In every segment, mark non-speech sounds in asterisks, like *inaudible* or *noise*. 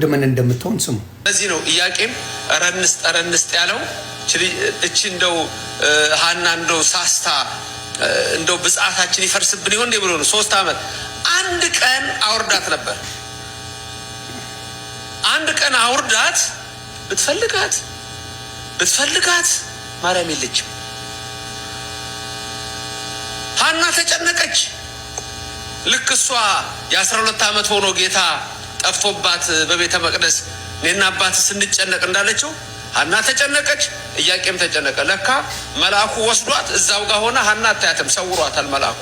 ውድ ምን እንደምትሆን ስሙ። ስለዚህ ነው እያቄም ረንስጥ ረንስጥ ያለው እቺ እንደው ሀና እንደው ሳስታ እንደው ብጻታችን ይፈርስብን ይሆን ብሎ ነው። ሶስት ዓመት አንድ ቀን አውርዳት ነበር። አንድ ቀን አውርዳት ብትፈልጋት ብትፈልጋት ማርያም የለችም። ሀና ተጨነቀች። ልክ እሷ የአስራ ሁለት ዓመት ሆኖ ጌታ ጠፍቶባት በቤተ መቅደስ እኔና አባት ስንጨነቅ እንዳለችው ሀና ተጨነቀች፣ እያቄም ተጨነቀ። ለካ መልአኩ ወስዷት እዛው ጋር ሆነ። ሀና አታያትም፣ ሰውሯታል። መልአኩ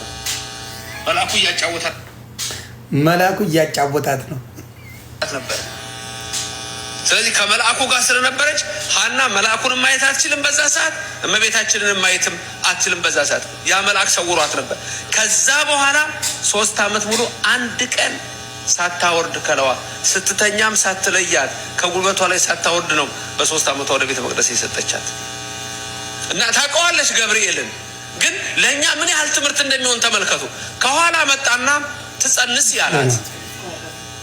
መልአኩ እያጫወታት መልአኩ እያጫወታት ነው ነበር። ስለዚህ ከመልአኩ ጋር ስለነበረች ሀና መልአኩን ማየት አትችልም በዛ ሰዓት፣ እመቤታችንን ማየትም አትችልም በዛ ሰዓት። ያ መልአክ ሰውሯት ነበር። ከዛ በኋላ ሶስት ዓመት ሙሉ አንድ ቀን ሳታወርድ ከለዋ ስትተኛም ሳትለያት ከጉልበቷ ላይ ሳታወርድ ነው በሶስት ዓመቷ ወደ ቤተ መቅደስ የሰጠቻት እና ታውቀዋለች ገብርኤልን። ግን ለእኛ ምን ያህል ትምህርት እንደሚሆን ተመልከቱ። ከኋላ መጣና ትጸንስ ያላት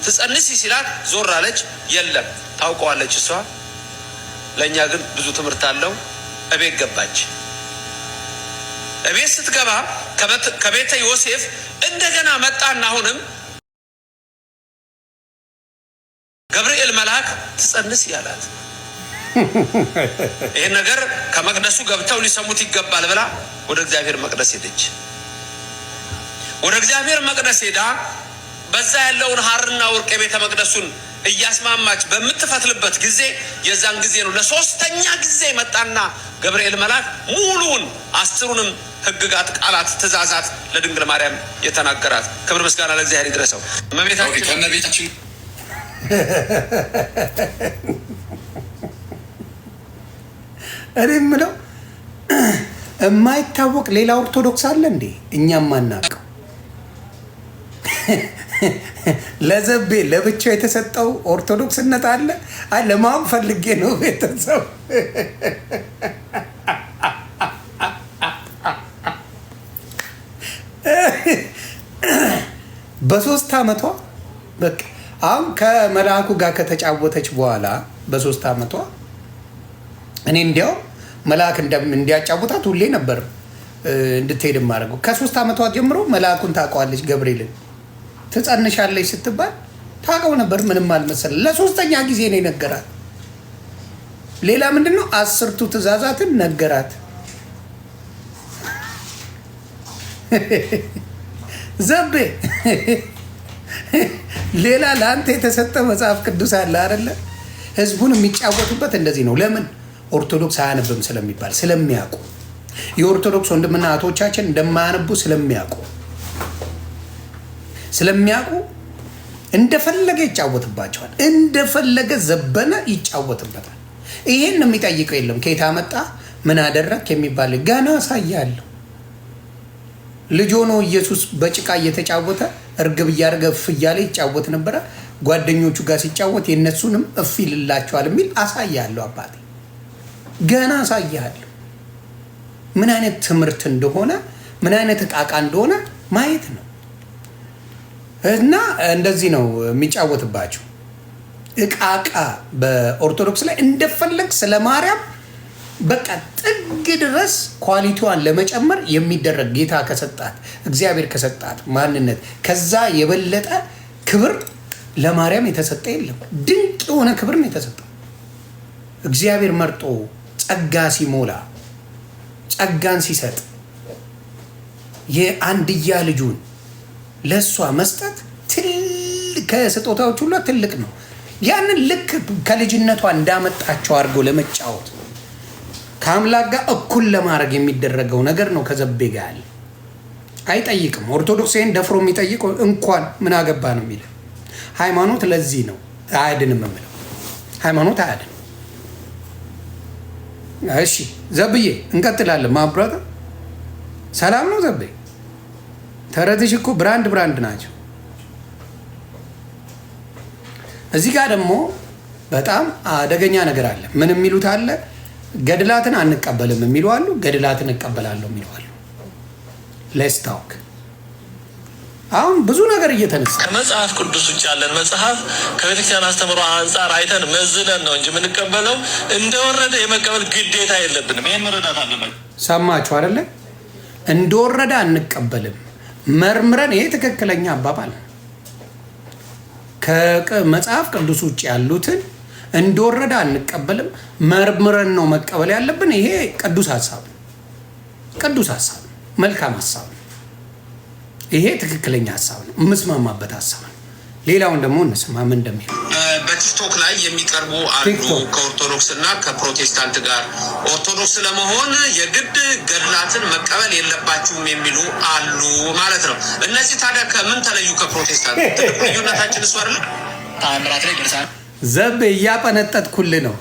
ትጸንስ ሲላት ዞር አለች። የለም ታውቀዋለች እሷ። ለእኛ ግን ብዙ ትምህርት አለው። እቤት ገባች። እቤት ስትገባ ከቤተ ዮሴፍ እንደገና መጣና አሁንም ገብርኤል መልአክ ትጸንስ ያላት *laughs* ይህን ነገር ከመቅደሱ ገብተው ሊሰሙት ይገባል ብላ ወደ እግዚአብሔር መቅደስ ሄደች። ወደ እግዚአብሔር መቅደስ ሄዳ በዛ ያለውን ሐርና ወርቅ የቤተ መቅደሱን እያስማማች በምትፈትልበት ጊዜ የዛን ጊዜ ነው ለሶስተኛ ጊዜ መጣና ገብርኤል መልአክ ሙሉውን አስሩንም ሕግጋት፣ ቃላት፣ ትእዛዛት ለድንግል ማርያም የተናገራት። ክብር ምስጋና ለእግዚአብሔር ይድረሰው። እመቤታችን እኔ የምለው የማይታወቅ ሌላ ኦርቶዶክስ አለ እንዴ? እኛም አናውቀው ለዘቤ ለብቻው የተሰጠው ኦርቶዶክስነት አለ። አይ ለማወቅ ፈልጌ ነው። ቤተሰብ በሶስት አመቷ በቃ አሁን ከመልአኩ ጋር ከተጫወተች በኋላ በሶስት ዓመቷ እኔ እንዲያው መልአክ እንዲያጫውታት ሁሌ ነበር እንድትሄድ ማድረገው። ከሶስት ዓመቷ ጀምሮ መልአኩን ታውቀዋለች። ገብርኤልን ትጸንሻለች ስትባል ታውቀው ነበር። ምንም አልመሰለ ለሶስተኛ ጊዜ ነው ነገራት? ሌላ ምንድን ነው? አስርቱ ትእዛዛትን ነገራት። *laughs* ዘቤ ሌላ ለአንተ የተሰጠ መጽሐፍ ቅዱስ አለ አይደለ? ህዝቡን የሚጫወቱበት እንደዚህ ነው። ለምን ኦርቶዶክስ አያነብም ስለሚባል ስለሚያውቁ፣ የኦርቶዶክስ ወንድምና እህቶቻችን እንደማያነቡ ስለሚያውቁ ስለሚያውቁ እንደፈለገ ይጫወትባቸዋል። እንደፈለገ ዘበነ ይጫወትበታል። ይሄን የሚጠይቀው የለም። ከየት አመጣ ምን አደረግ የሚባል ገና አሳያለሁ። ልጅ ሆኖ ኢየሱስ በጭቃ እየተጫወተ እርግብ እያደረገ እፍ እያለ ይጫወት ነበረ። ጓደኞቹ ጋር ሲጫወት የእነሱንም እፍ ይልላቸዋል የሚል አሳያለሁ። አባቴ ገና አሳያለሁ። ምን አይነት ትምህርት እንደሆነ ምን አይነት እቃቃ እንደሆነ ማየት ነው። እና እንደዚህ ነው የሚጫወትባቸው እቃቃ በኦርቶዶክስ ላይ እንደፈለግ ስለ ማርያም በቃ ጥግ ድረስ ኳሊቲዋን ለመጨመር የሚደረግ ጌታ ከሰጣት እግዚአብሔር ከሰጣት ማንነት ከዛ የበለጠ ክብር ለማርያም የተሰጠ የለም። ድንቅ የሆነ ክብር ነው የተሰጠ እግዚአብሔር መርጦ ጸጋ ሲሞላ ጸጋን ሲሰጥ የአንድያ ልጁን ለእሷ መስጠት ከስጦታዎች ሁሉ ትልቅ ነው። ያንን ልክ ከልጅነቷ እንዳመጣቸው አድርጎ ለመጫወት ከአምላክ ጋር እኩል ለማድረግ የሚደረገው ነገር ነው። ከዘቤ ጋር ያለ አይጠይቅም። ኦርቶዶክስን ደፍሮ የሚጠይቅ እንኳን ምን አገባ ነው የሚለ ሃይማኖት። ለዚህ ነው አያድንም የምለው ሃይማኖት አያድን። እሺ ዘብዬ እንቀጥላለን። ማብራት ሰላም ነው ዘብዬ። ተረትሽ እኮ ብራንድ ብራንድ ናቸው። እዚህ ጋር ደግሞ በጣም አደገኛ ነገር አለ። ምን የሚሉት አለ ገድላትን አንቀበልም የሚሉ አሉ፣ ገድላትን እቀበላለሁ የሚሉ አሉ። ታውክ አሁን ብዙ ነገር እየተነሳ ከመጽሐፍ ቅዱስ ውጭ ያለን መጽሐፍ ከቤተክርስቲያን አስተምሮ አንጻር አይተን መዝነን ነው እንጂ የምንቀበለው እንደወረደ የመቀበል ግዴታ የለብንም። ይህን መረዳት አለበት። ሰማችሁ አይደለ? እንደወረደ አንቀበልም፣ መርምረን። ይሄ ትክክለኛ አባባል ከመጽሐፍ ቅዱስ ውጭ ያሉትን እንደወረደ አንቀበልም። መርምረን ነው መቀበል ያለብን። ይሄ ቅዱስ ሀሳብ ቅዱስ ሀሳብ መልካም ሀሳብ ይሄ ትክክለኛ ሀሳብ ነው፣ የምስማማበት ሀሳብ ነው። ሌላውን ደግሞ እንስማ ምን እንደሚል በቲክቶክ ላይ የሚቀርቡ አሉ ከኦርቶዶክስ እና ከፕሮቴስታንት ጋር ኦርቶዶክስ ለመሆን የግድ ገድላትን መቀበል የለባችሁም የሚሉ አሉ ማለት ነው። እነዚህ ታዲያ ከምን ተለዩ? ከፕሮቴስታንት *laughs* ልዩነታችን እሱ አይደለም። ታምራት ላይ ደርሳል ዘብ እያጠነጠጥኩል ነው።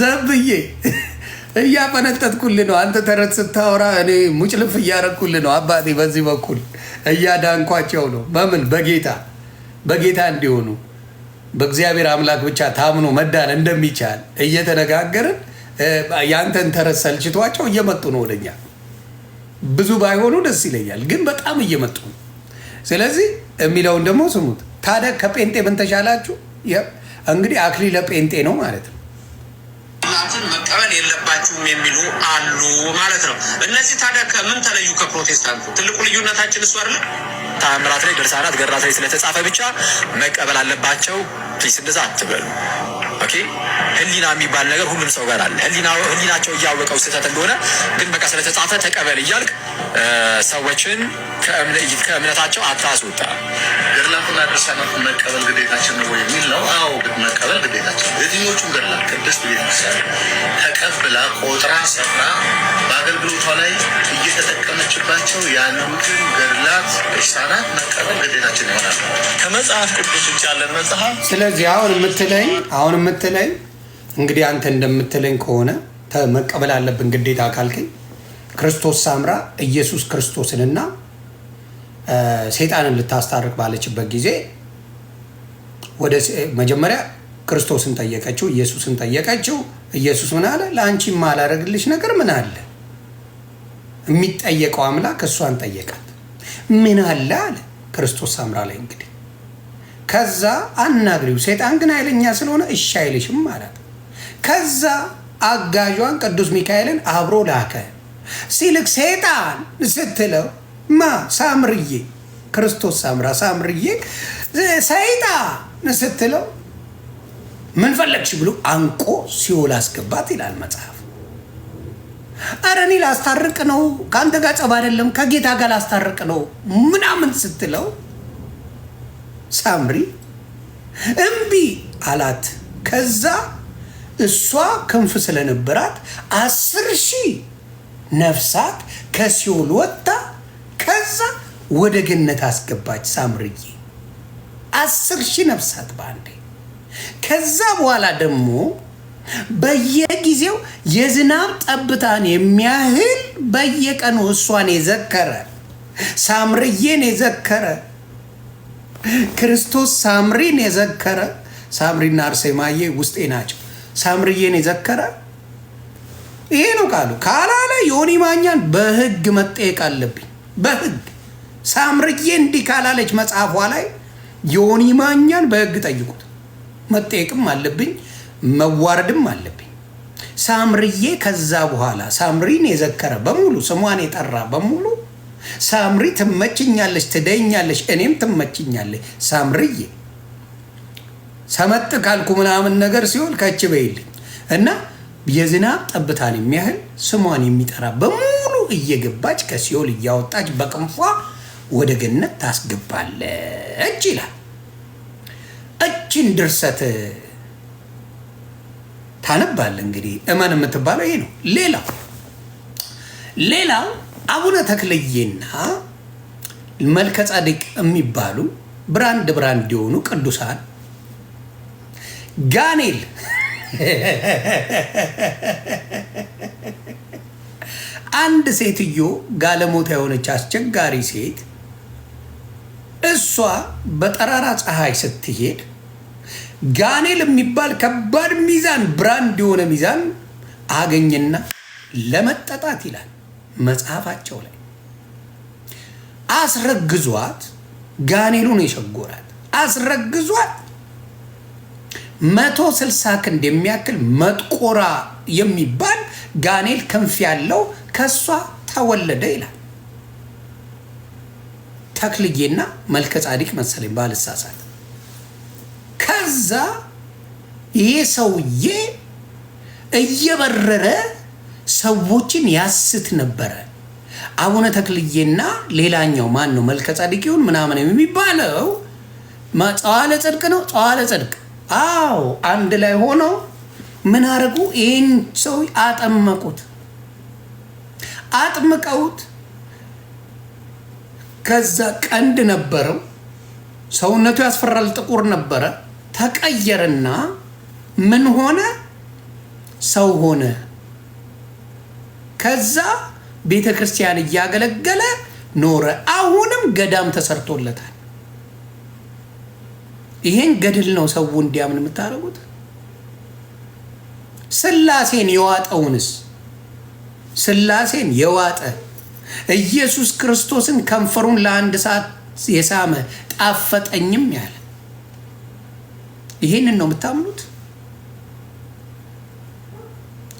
ዘብዬ እያፈነጠጥኩል ነው። አንተ ተረት ስታወራ እኔ ሙጭልፍ እያረግኩል ነው። አባቴ በዚህ በኩል እያዳንኳቸው ነው። በምን በጌታ በጌታ እንዲሆኑ በእግዚአብሔር አምላክ ብቻ ታምኖ መዳን እንደሚቻል እየተነጋገርን የአንተን ተረት ሰልችቷቸው እየመጡ ነው ወደኛ ብዙ ባይሆኑ ደስ ይለኛል፣ ግን በጣም እየመጡ ነው። ስለዚህ የሚለውን ደግሞ ስሙት። ታዲያ ከጴንጤ ምን ተሻላችሁ? እንግዲህ አክሊለ ጴንጤ ነው ማለት ነው። እናትን መቀበል የለባችሁም የሚሉ አሉ ማለት ነው። እነዚህ ታዲያ ከምን ተለዩ? ከፕሮቴስታንቱ ትልቁ ልዩነታችን እሱ አይደለም። ታምራት ላይ፣ ድርሳናት፣ ገድላት ላይ ስለተጻፈ ብቻ መቀበል አለባቸው ፕሊስ፣ እንደዛ አትበሉ። ኦኬ ህሊና የሚባል ነገር ሁሉም ሰው ጋር አለ። ህሊና ህሊናቸው እያወቀው ስህተት እንደሆነ ግን በቃ ስለተጻፈ ተቀበል እያልክ ሰዎችን ከእምነታቸው አታስወጣ። ገድላትና ድርሳናት መቀበል ግዴታችን ነው የሚል ነው። አዎ መቀበል ግዴታችን የትኞቹን ገድላት ቅድስት ቤተክርስቲያን ተቀብላ ቆጥራ ሰራ አገልግሎቷ ላይ እየተጠቀመችባቸው ያሉትን ገድላት እርሳናት መቀበል ግዴታችን ይሆናል። ከመጽሐፍ ቅዱስ ውጭ ያለን መጽሐፍ። ስለዚህ አሁን የምትለኝ አሁን የምትለኝ እንግዲህ አንተ እንደምትለኝ ከሆነ መቀበል አለብን ግዴታ ካልከኝ ክርስቶስ ሳምራ ኢየሱስ ክርስቶስንና ሴጣንን ልታስታርቅ ባለችበት ጊዜ ወደ መጀመሪያ ክርስቶስን ጠየቀችው፣ ኢየሱስን ጠየቀችው። ኢየሱስ ምን አለ? ለአንቺ የማላደርግልሽ ነገር ምን አለ? የሚጠየቀው አምላክ እሷን ጠየቃት። ምን አለ አለ ክርስቶስ ሳምራ ላይ እንግዲህ ከዛ አናግሪው፣ ሰይጣን ግን ኃይለኛ ስለሆነ እሺ አይልሽም አላት። ከዛ አጋዧን ቅዱስ ሚካኤልን አብሮ ላከ። ሲልክ ሰይጣን ስትለው ማ ሳምርዬ ክርስቶስ ሳምራ ሳምርዬ ሰይጣን ስትለው ምን ፈለግሽ ብሎ አንቆ ሲኦል አስገባት ይላል መጽሐፍ። ኧረ እኔ ላስታርቅ ነው ከአንተ ጋር ጸብ አይደለም ከጌታ ጋር ላስታርቅ ነው ምናምን ስትለው ሳምሪ እምቢ አላት። ከዛ እሷ ክንፍ ስለነበራት አስር ሺህ ነፍሳት ከሲኦል ወጥታ ከዛ ወደ ገነት አስገባች። ሳምርዬ አስር ሺህ ነፍሳት በአንዴ ከዛ በኋላ ደግሞ በየጊዜው የዝናብ ጠብታን የሚያህል በየቀኑ እሷን የዘከረ ሳምርዬን የዘከረ ክርስቶስ ሳምሪን የዘከረ ሳምሪና አርሴማዬ ውስጤ ናቸው። ሳምርዬን የዘከረ ይሄ ነው ቃሉ። ካላለ ዮኒ ማኛን በህግ መጠየቅ አለብኝ። በህግ ሳምርዬ እንዲህ ካላለች መጽሐፏ ላይ ዮኒ ማኛን በህግ ጠይቁት፣ መጠየቅም አለብኝ። መዋረድም አለብኝ። ሳምርዬ ከዛ በኋላ ሳምሪን የዘከረ በሙሉ ስሟን የጠራ በሙሉ ሳምሪ ትመችኛለች፣ ትደኛለች፣ እኔም ትመችኛለች፣ ሳምርዬ ሰመጥ ካልኩ ምናምን ነገር ሲሆን ከች በይልኝ እና የዝናብ ጠብታን የሚያህል ስሟን የሚጠራ በሙሉ እየገባች ከሲኦል እያወጣች በቅንፏ ወደ ገነት ታስገባለች ይላል። እችን ድርሰት ታነባል። እንግዲህ እመን የምትባለው ይሄ ነው። ሌላ ሌላ አቡነ ተክልዬና መልከ ጻድቅ የሚባሉ ብራንድ ብራንድ የሆኑ ቅዱሳን ጋኔል *laughs* አንድ ሴትዮ ጋለሞታ የሆነች አስቸጋሪ ሴት እሷ በጠራራ ፀሐይ ስትሄድ ጋኔል የሚባል ከባድ ሚዛን ብራንድ የሆነ ሚዛን አገኝና ለመጠጣት ይላል መጽሐፋቸው ላይ አስረግዟት ጋኔሉን የሸጎራት አስረግዟት መቶ ስልሳ ክንድ የሚያክል መጥቆራ የሚባል ጋኔል ክንፍ ያለው ከእሷ ተወለደ ይላል ተክልዬና መልከ ጻዲቅ መሰለኝ ባልሳሳት ከዛ ይህ ሰውዬ እየበረረ ሰዎችን ያስት ነበረ። አቡነ ተክልዬና ሌላኛው ማን ነው መልከ ጻድቅ ይሁን ምናምን የሚባለው ጸዋለ ጽድቅ ነው። ጸዋለ ጽድቅ አዎ፣ አንድ ላይ ሆነው ምን አረጉ ይህን ሰው አጠመቁት። አጥምቀውት ከዛ ቀንድ ነበረው፣ ሰውነቱ ያስፈራል፣ ጥቁር ነበረ። ተቀየረና ምን ሆነ? ሰው ሆነ። ከዛ ቤተ ክርስቲያን እያገለገለ ኖረ። አሁንም ገዳም ተሰርቶለታል። ይሄን ገድል ነው ሰው እንዲያምን የምታደርጉት? ስላሴን የዋጠውንስ ስላሴን የዋጠ ኢየሱስ ክርስቶስን ከንፈሩን ለአንድ ሰዓት የሳመ ጣፈጠኝም ያለ ይሄንን ነው የምታምኑት?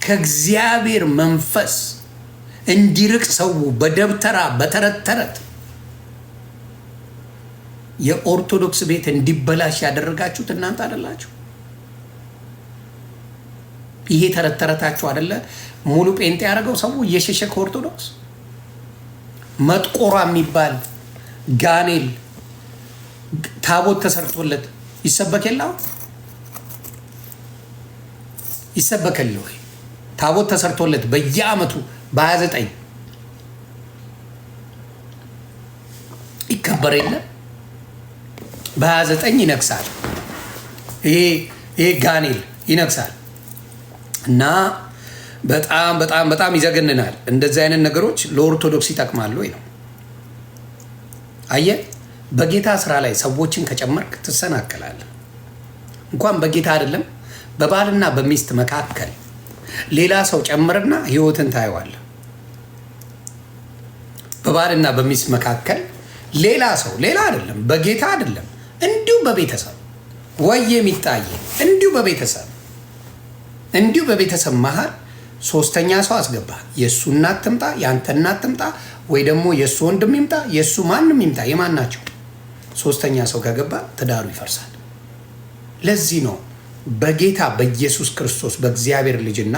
ከእግዚአብሔር መንፈስ እንዲርቅ ሰው በደብተራ በተረት ተረት የኦርቶዶክስ ቤት እንዲበላሽ ያደረጋችሁት እናንተ አደላችሁ። ይሄ ተረት ተረታችሁ አደለ ሙሉ ጴንጤ ያደረገው ሰው እየሸሸ ከኦርቶዶክስ መጥቆሯ የሚባል ጋኔል ታቦት ተሰርቶለት ይሰበክ የለ ይሰበከል ወይ? ታቦት ተሰርቶለት በየአመቱ በ29 ይከበር የለ በ29 ይነግሳል። ይሄ ጋኔል ይነግሳል እና በጣም በጣም በጣም ይዘገንናል። እንደዚህ አይነት ነገሮች ለኦርቶዶክስ ይጠቅማሉ ወይ ነው አየህ። በጌታ ስራ ላይ ሰዎችን ከጨመርክ ትሰናከላለህ። እንኳን በጌታ አይደለም በባልና በሚስት መካከል ሌላ ሰው ጨምርና ህይወትን ታየዋለ። በባልና በሚስት መካከል ሌላ ሰው ሌላ አይደለም በጌታ አይደለም እንዲሁ በቤተሰብ ወይ የሚታየ እንዲሁ በቤተሰብ እንዲሁ በቤተሰብ መሀል ሶስተኛ ሰው አስገባ። የእሱ እናት ትምጣ፣ የአንተ እናት ትምጣ፣ ወይ ደግሞ የእሱ ወንድም ይምጣ፣ የእሱ ማንም ይምጣ፣ የማን ናቸው ሶስተኛ ሰው ከገባ ትዳሩ ይፈርሳል። ለዚህ ነው በጌታ በኢየሱስ ክርስቶስ በእግዚአብሔር ልጅና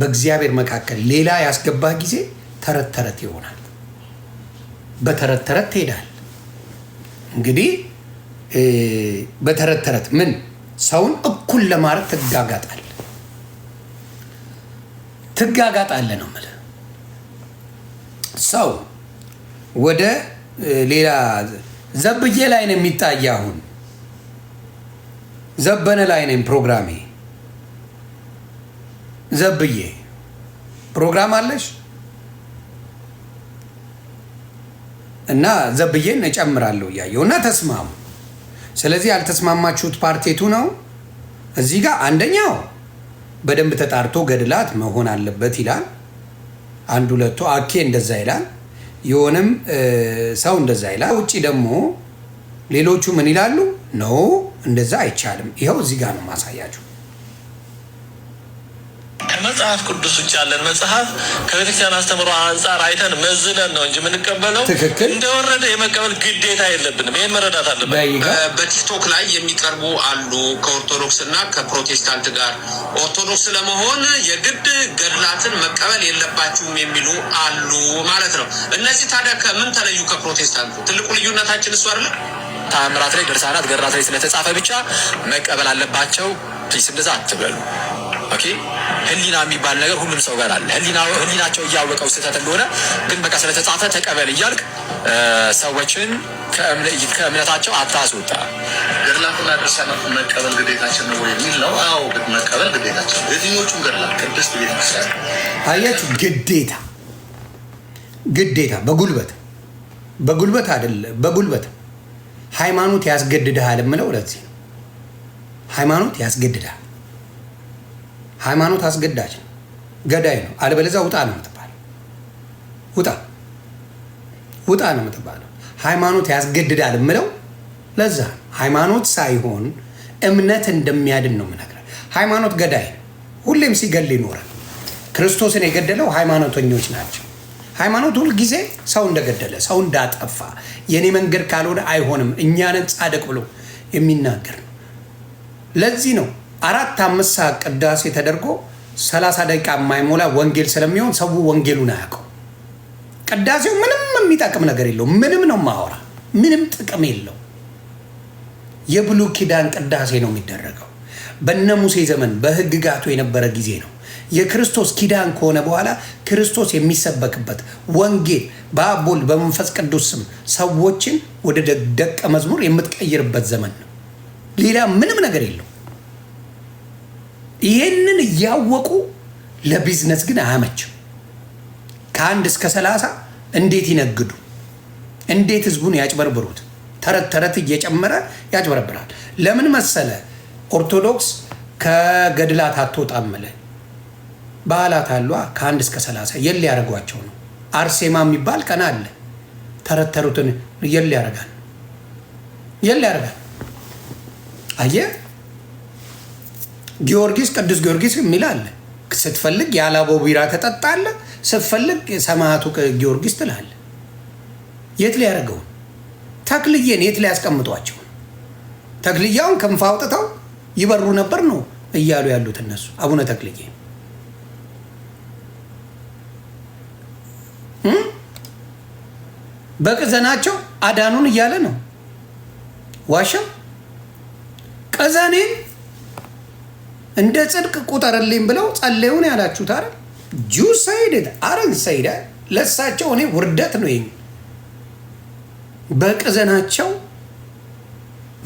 በእግዚአብሔር መካከል ሌላ ያስገባ ጊዜ ተረት ተረት ይሆናል። በተረት ተረት ትሄዳል። እንግዲህ በተረት ተረት ምን ሰውን እኩል ለማድረግ ትጋጋጣል ትጋጋጣለ ነው የምልህ ሰው ወደ ሌላ ዘብዬ ላይ ነው የሚታይ። አሁን ዘበነ ላይ ነኝ ፕሮግራሜ። ዘብዬ ፕሮግራም አለሽ እና ዘብዬን እጨምራለሁ እያየሁ እና ተስማሙ። ስለዚህ ያልተስማማችሁት ፓርቴቱ ነው እዚህ ጋር አንደኛው በደንብ ተጣርቶ ገድላት መሆን አለበት ይላል። አንድ ሁለቱ አኬ እንደዛ ይላል። የሆነም ሰው እንደዛ ይላል። ውጭ ደግሞ ሌሎቹ ምን ይላሉ? ኖ እንደዛ አይቻልም። ይኸው እዚህ ጋር ነው ማሳያችሁ። መጽሐፍ ቅዱስ ውጭ ያለን መጽሐፍ ከቤተክርስቲያን አስተምሮ አንጻር አይተን መዝነን ነው እንጂ የምንቀበለው እንደወረደ የመቀበል ግዴታ የለብንም። ይህን መረዳት አለብን። በቲክቶክ ላይ የሚቀርቡ አሉ ከኦርቶዶክስ እና ከፕሮቴስታንት ጋር ኦርቶዶክስ ለመሆን የግድ ገድላትን መቀበል የለባችሁም የሚሉ አሉ ማለት ነው። እነዚህ ታዲያ ከምን ተለዩ? ከፕሮቴስታንቱ ትልቁ ልዩነታችን እሱ አይደለም። ታምራት ላይ፣ ድርሳናት፣ ገድራት ላይ ስለተጻፈ ብቻ መቀበል አለባቸው ፕሊስ፣ እንደዛ አትበሉ። ኦኬ ህሊና የሚባል ነገር ሁሉም ሰው ጋር አለ። ህሊናቸው እያወቀው ስህተት እንደሆነ ግን በቃ ስለተጻፈ ተቀበል እያልክ ሰዎችን ከእምነታቸው አታስወጣ። ገድላትና ድርሳናት መቀበል ግዴታችን ነው የሚል ነው። አዎ መቀበል ግዴታችን፣ የትኞቹም ገድላት ቅድስት ቤተክርስቲያን። አያችሁ፣ ግዴታ ግዴታ በጉልበት በጉልበት አይደለ፣ በጉልበት ሃይማኖት ያስገድድሃል የምለው ለዚህ ነው። ሃይማኖት ያስገድድሃል ሃይማኖት አስገዳጅ ነው፣ ገዳይ ነው። አለበለዚያ ውጣ ነው የምትባለው። ውጣ ውጣ ነው የምትባለው። ሃይማኖት ያስገድዳል የምለው ለዛ ሃይማኖት ሳይሆን እምነት እንደሚያድን ነው የምነግርህ። ሃይማኖት ገዳይ ነው፣ ሁሌም ሲገል ይኖራል። ክርስቶስን የገደለው ሃይማኖተኞች ናቸው። ሃይማኖት ሁልጊዜ ሰው እንደገደለ ሰው እንዳጠፋ የእኔ መንገድ ካልሆነ አይሆንም እኛንን ጻድቅ ብሎ የሚናገር ነው። ለዚህ ነው አራት አምስት ሰዓት ቅዳሴ ተደርጎ ሰላሳ ደቂቃ የማይሞላ ወንጌል ስለሚሆን ሰው ወንጌሉን አያውቀው። ቅዳሴው ምንም የሚጠቅም ነገር የለው። ምንም ነው ማወራ፣ ምንም ጥቅም የለው። የብሉ ኪዳን ቅዳሴ ነው የሚደረገው። በነ ሙሴ ዘመን በህግጋቱ የነበረ ጊዜ ነው። የክርስቶስ ኪዳን ከሆነ በኋላ ክርስቶስ የሚሰበክበት ወንጌል በአብ በመንፈስ ቅዱስ ስም ሰዎችን ወደ ደቀ መዝሙር የምትቀይርበት ዘመን ነው። ሌላ ምንም ነገር የለው። ይህንን እያወቁ ለቢዝነስ ግን አያመችም። ከአንድ እስከ ሰላሳ እንዴት ይነግዱ? እንዴት ህዝቡን ያጭበርብሩት? ተረት ተረት እየጨመረ ያጭበረብራል። ለምን መሰለ ኦርቶዶክስ ከገድላት አትወጣም አለ። በዓላት አሏ ከአንድ እስከ ሰላሳ የል ያደርጓቸው ነው። አርሴማ የሚባል ቀን አለ። ተረተሩትን የል ያደርጋል የል ያደርጋል አየህ ጊዮርጊስ ቅዱስ ጊዮርጊስ የሚል አለ። ስትፈልግ የአላቦ ቢራ ከጠጣለ ስትፈልግ ሰማዕቱ ጊዮርጊስ ትላለ። የት ሊያደርገውን ተክልዬን የት ሊያስቀምጧቸው? ተክልያውን ክንፍ አውጥተው ይበሩ ነበር ነው እያሉ ያሉት እነሱ አቡነ ተክልዬ በቅዘናቸው አዳኑን እያለ ነው ዋሻ ቅዘኔን እንደ ጽድቅ ቁጠርልኝ ብለው ጸለዩን ያላችሁት አረ ጁ አረን ሰይደ ለሳቸው እኔ ውርደት ነው። ይሄን በቅዘናቸው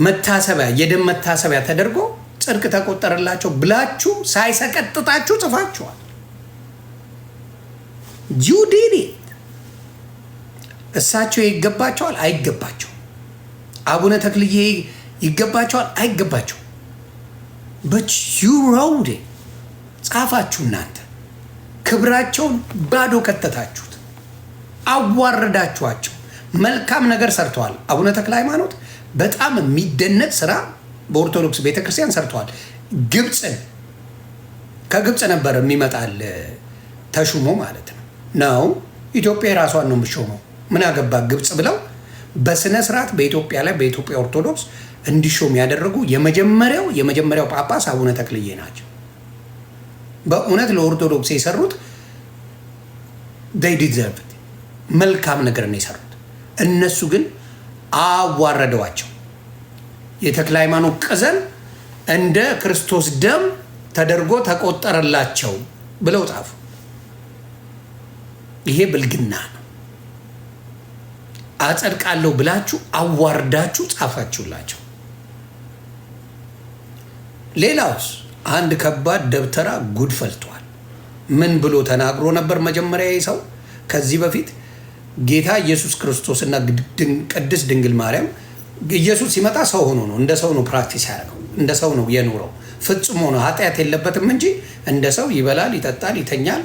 መታሰቢያ የደም መታሰቢያ ተደርጎ ጽድቅ ተቆጠረላቸው ብላችሁ ሳይሰቀጥጣችሁ ጽፋችኋል። ጁዲኒ እሳቸው ይገባቸዋል? አይገባቸው። አቡነ ተክልዬ ይገባቸዋል? አይገባቸው በት ዩ ሮውድ ጻፋችሁ። እናንተ ክብራቸውን ባዶ ከተታችሁት፣ አዋረዳችኋቸው። መልካም ነገር ሰርተዋል። አቡነ ተክለ ሃይማኖት በጣም የሚደነቅ ስራ በኦርቶዶክስ ቤተክርስቲያን ሰርተዋል። ግብፅን ከግብፅ ነበር የሚመጣል ተሹሞ ማለት ነው ነው ኢትዮጵያ የራሷን ነው የምትሾመው ምን አገባ ግብፅ ብለው በስነ ስርዓት በኢትዮጵያ ላይ በኢትዮጵያ ኦርቶዶክስ እንዲሾም ያደረጉ የመጀመሪያው የመጀመሪያው ጳጳስ አቡነ ተክልዬ ናቸው። በእውነት ለኦርቶዶክስ የሰሩት ዲዘርቭ መልካም ነገር ነው የሰሩት። እነሱ ግን አዋረደዋቸው። የተክለ ሃይማኖት ቅዘን እንደ ክርስቶስ ደም ተደርጎ ተቆጠረላቸው ብለው ጻፉ። ይሄ ብልግና ነው። አጸድቃለሁ ብላችሁ አዋርዳችሁ ጻፋችሁላቸው። ሌላውስ አንድ ከባድ ደብተራ ጉድ ፈልቷል። ምን ብሎ ተናግሮ ነበር? መጀመሪያ ሰው ከዚህ በፊት ጌታ ኢየሱስ ክርስቶስ እና ቅድስት ድንግል ማርያም ኢየሱስ ሲመጣ ሰው ሆኖ ነው፣ እንደ ሰው ነው ፕራክቲስ ያደርገው፣ እንደ ሰው ነው የኖረው። ፍጹም ሆኖ ኃጢአት የለበትም እንጂ እንደ ሰው ይበላል፣ ይጠጣል፣ ይተኛል።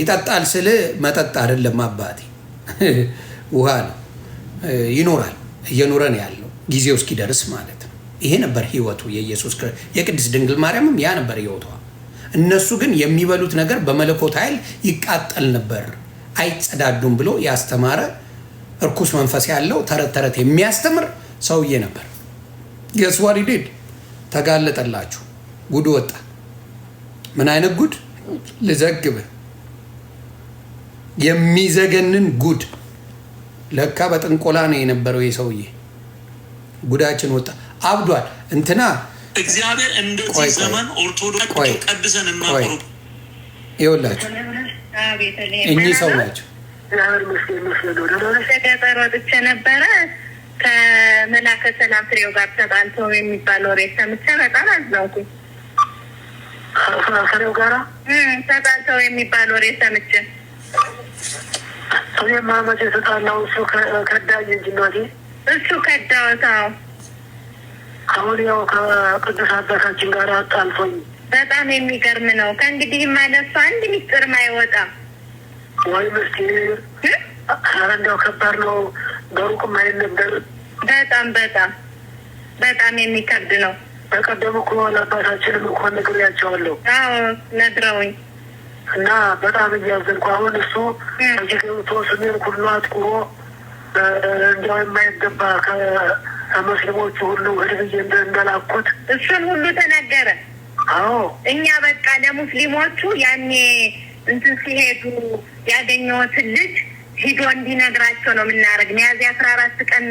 ይጠጣል ስል መጠጥ አይደለም አባቴ *laughs* ውሃ ነው፣ ይኖራል እየኖረ ነው ያለው ጊዜው እስኪደርስ ማለት ነው። ይሄ ነበር ህይወቱ የኢየሱስ የቅድስት ድንግል ማርያምም ያ ነበር ህይወቷ። እነሱ ግን የሚበሉት ነገር በመለኮት ኃይል ይቃጠል ነበር አይጸዳዱም ብሎ ያስተማረ እርኩስ መንፈስ ያለው ተረት ተረት የሚያስተምር ሰውዬ ነበር። የስዋሪ ዲድ ተጋለጠላችሁ፣ ጉድ ወጣ። ምን አይነት ጉድ ልዘግብ፣ የሚዘገንን ጉድ ለካ በጥንቆላ ነው የነበረው የሰውዬ። ጉዳችን ወጣ፣ አብዷል። እንትና እግዚአብሔር እንደዚህ ዘመን ኦርቶዶክስ ቀድሰን እናቆሩ ይወላችሁ እኚህ ሰው ናቸው። ገጠር ወጥቼ ነበረ ከመላከ ሰላም ፍሬው ጋር ተጣልቶ የሚባል ወሬ ሰምቼ በጣም አዘንኩኝ። ፍሬው ጋራ ተጣልተው የሚባል ወሬ ሰምቼ እኔማ መቼ ተጣላሁ? እሱ ከዳኝ እንጂ እናቴ እሱ ከዳወት። አሁን ያው ከቅዱስ አባታችን ጋር አጣልፎኝ በጣም የሚገርም ነው። ከእንግዲህ ማለሱ አንድ ሚስጥር አይወጣም ወይ ምስጢር? ኧረ እንደው ከባድ ነው። በሩቅም አይነበር። በጣም በጣም በጣም የሚከብድ ነው። በቀደም እኮ ለአባታችንም እኮ ነግሬያቸዋለሁ። አዎ ነግረውኝ እና በጣም እያዘንኩ አሁን እሱ እዚህ ስሜን ሁሉ አጥቁሮ እንዲያው የማይገባ ከሙስሊሞቹ ሁሉ ህድብዬ እንደላኩት እሱን ሁሉ ተነገረ። አዎ እኛ በቃ ለሙስሊሞቹ ያኔ እንትን ሲሄዱ ያገኘሁትን ልጅ ሂዶ እንዲነግራቸው ነው የምናደርግ። ሚያዝያ አስራ አራት ቀን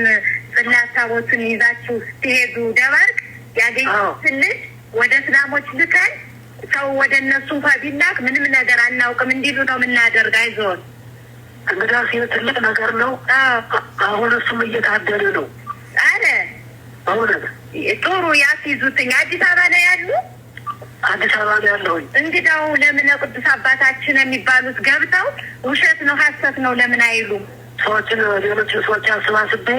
ጽላት ታቦትን ይዛችሁ ስትሄዱ ደባርቅ ያገኘሁትን ልጅ ወደ እስላሞች ልከን ሰው ወደ እነሱ እንኳ ቢላክ ምንም ነገር አናውቅም እንዲሉ ነው የምናደርግ። አይዞን እንግዳ ሲሆን ትልቅ ነገር ነው። አሁን እሱም እየታደለ ነው አረ አሁን ጥሩ ያስይዙትኝ። አዲስ አበባ ነው ያሉ፣ አዲስ አበባ ነው ያለሁኝ። እንግዳው ለምን ቅዱስ አባታችን የሚባሉት ገብተው ውሸት ነው ሀሰት ነው ለምን አይሉም? ሰዎችን ሌሎች ሰዎች አሰባስቤ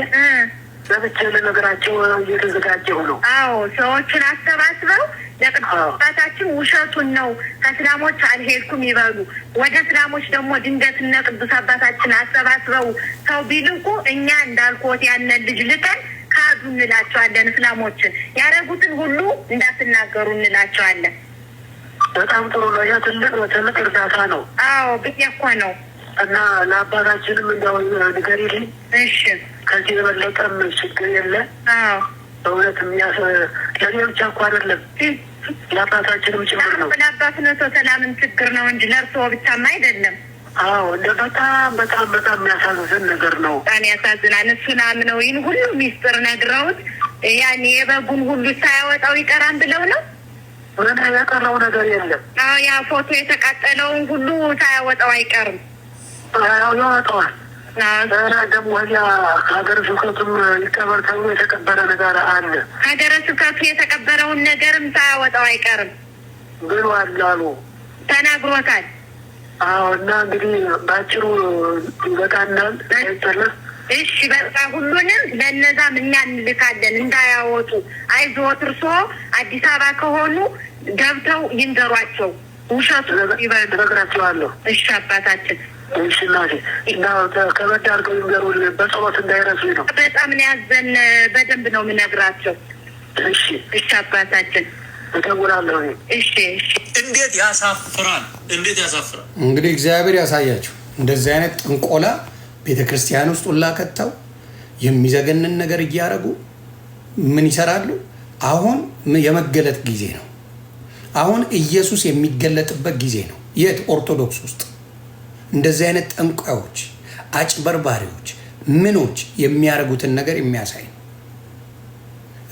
ለብቻ ለነገራቸው እየተዘጋጀው ነው። አዎ ሰዎቹን አሰባስበው ለቅዱሳታችን ውሸቱን ነው ከእስላሞች አልሄድኩም ይበሉ። ወደ እስላሞች ደግሞ ድንገትና ቅዱስ አባታችን አሰባስበው ሰው ቢልቁ እኛ እንዳልኮት ያነ ልጅ ልከን ካዱ እንላቸዋለን። እስላሞችን ያደረጉትን ሁሉ እንዳትናገሩ እንላቸዋለን። በጣም ጥሩ ነው። ያ ትልቅ ነው፣ ትልቅ እርዳታ ነው። አዎ ብዬ እኮ ነው። እና ለአባታችንም እንደው ንገሪ። እሺ ከዚህ የበለጠም ችግር የለ። በእውነት ለእኔ ብቻ እኮ አይደለም ለአባታችንም ችግር ነው። ለአባትነቶ ሰላምን ችግር ነው እንጂ ለእርስዎ ብቻማ አይደለም። አዎ እንደ በጣም በጣም በጣም የሚያሳዝን ነገር ነው። በጣም ያሳዝናል። እሱን አምነው ይህን ሁሉ ሚስጥር ነግረውት ያን የበጉን ሁሉ ሳያወጣው ይቀራን ብለው ነው። ምንም ያቀረው ነገር የለም። አዎ ያ ፎቶ የተቃጠለውን ሁሉ ሳያወጣው አይቀርም። ያው ያወጣዋል። ሀገረ ስብከቱም ይቀበር ተብሎ የተቀበረ ነገር አለ። ሀገረ ስብከቱ የተቀ ያለውን ነገርም ሳያወጣው አይቀርም ብሏል አሉ ተናግሮታል። አዎ እና እንግዲህ በአጭሩ ይበቃናል። ይጠለ እሺ በቃ ሁሉንም ለእነዛም እኛ እንልካለን እንዳያወጡ። አይዞት እርሶ አዲስ አበባ ከሆኑ ገብተው ይንገሯቸው። ውሸቱ እነግራቸዋለሁ። እሺ አባታችን እሺ እናቴ እና ከበድ አድርገው ይንገሩ። በጸሎት እንዳይረሱ ነው። በጣም ነው ያዘን። በደንብ ነው የምነግራቸው። እሺ አባታችን እንዴት ያሳፍራል! እንዴት ያሳፍራል! እንግዲህ እግዚአብሔር ያሳያቸው። እንደዚህ አይነት ጥንቆላ ቤተ ክርስቲያን ውስጥ ሁላ ከተው የሚዘገንን ነገር እያደረጉ ምን ይሰራሉ? አሁን የመገለጥ ጊዜ ነው። አሁን ኢየሱስ የሚገለጥበት ጊዜ ነው። የት? ኦርቶዶክስ ውስጥ እንደዚህ አይነት ጠንቋዮች፣ አጭበርባሪዎች፣ ምኖች የሚያደርጉትን ነገር የሚያሳይ ነው።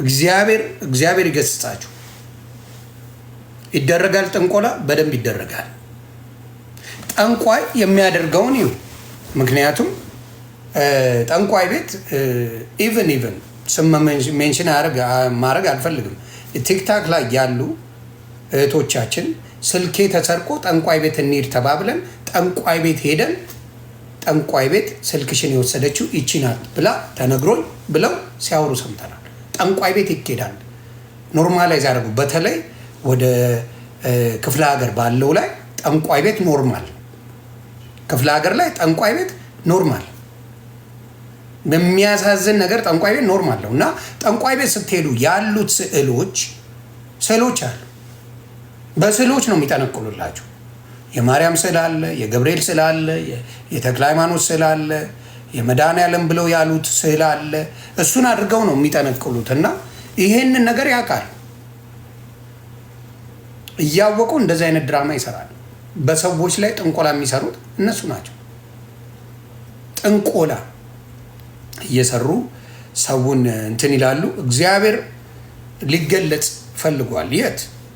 እግዚአብሔር እግዚአብሔር ይገስጻችሁ። ይደረጋል፣ ጥንቆላ በደንብ ይደረጋል። ጠንቋይ የሚያደርገውን ይሁ ምክንያቱም ጠንቋይ ቤት ኢቨን ኢቨን ስም ሜንሽን ማድረግ አልፈልግም። ቲክታክ ላይ ያሉ እህቶቻችን ስልኬ ተሰርቆ ጠንቋይ ቤት እንሂድ ተባብለን ጠንቋይ ቤት ሄደን ጠንቋይ ቤት ስልክሽን የወሰደችው ይቺ ናት ብላ ተነግሮኝ ብለው ሲያወሩ ሰምተናል። ጠንቋይ ቤት ይኬዳል። ኖርማላይዝ ያደርጉ በተለይ ወደ ክፍለ ሀገር ባለው ላይ ጠንቋይ ቤት ኖርማል፣ ክፍለ ሀገር ላይ ጠንቋይ ቤት ኖርማል። በሚያሳዝን ነገር ጠንቋይ ቤት ኖርማል ነው እና ጠንቋይ ቤት ስትሄዱ ያሉት ስዕሎች ስዕሎች አሉ። በስዕሎች ነው የሚጠነቅሉላቸው። የማርያም ስዕል አለ፣ የገብርኤል ስዕል አለ፣ የተክለ ሃይማኖት ስዕል አለ የመድኃኔዓለም ብለው ያሉት ስዕል አለ። እሱን አድርገው ነው የሚጠነቅሉት እና ይሄንን ነገር ያውቃል። እያወቁ እንደዚህ አይነት ድራማ ይሰራል። በሰዎች ላይ ጥንቆላ የሚሰሩት እነሱ ናቸው። ጥንቆላ እየሰሩ ሰውን እንትን ይላሉ። እግዚአብሔር ሊገለጽ ፈልጓል። የት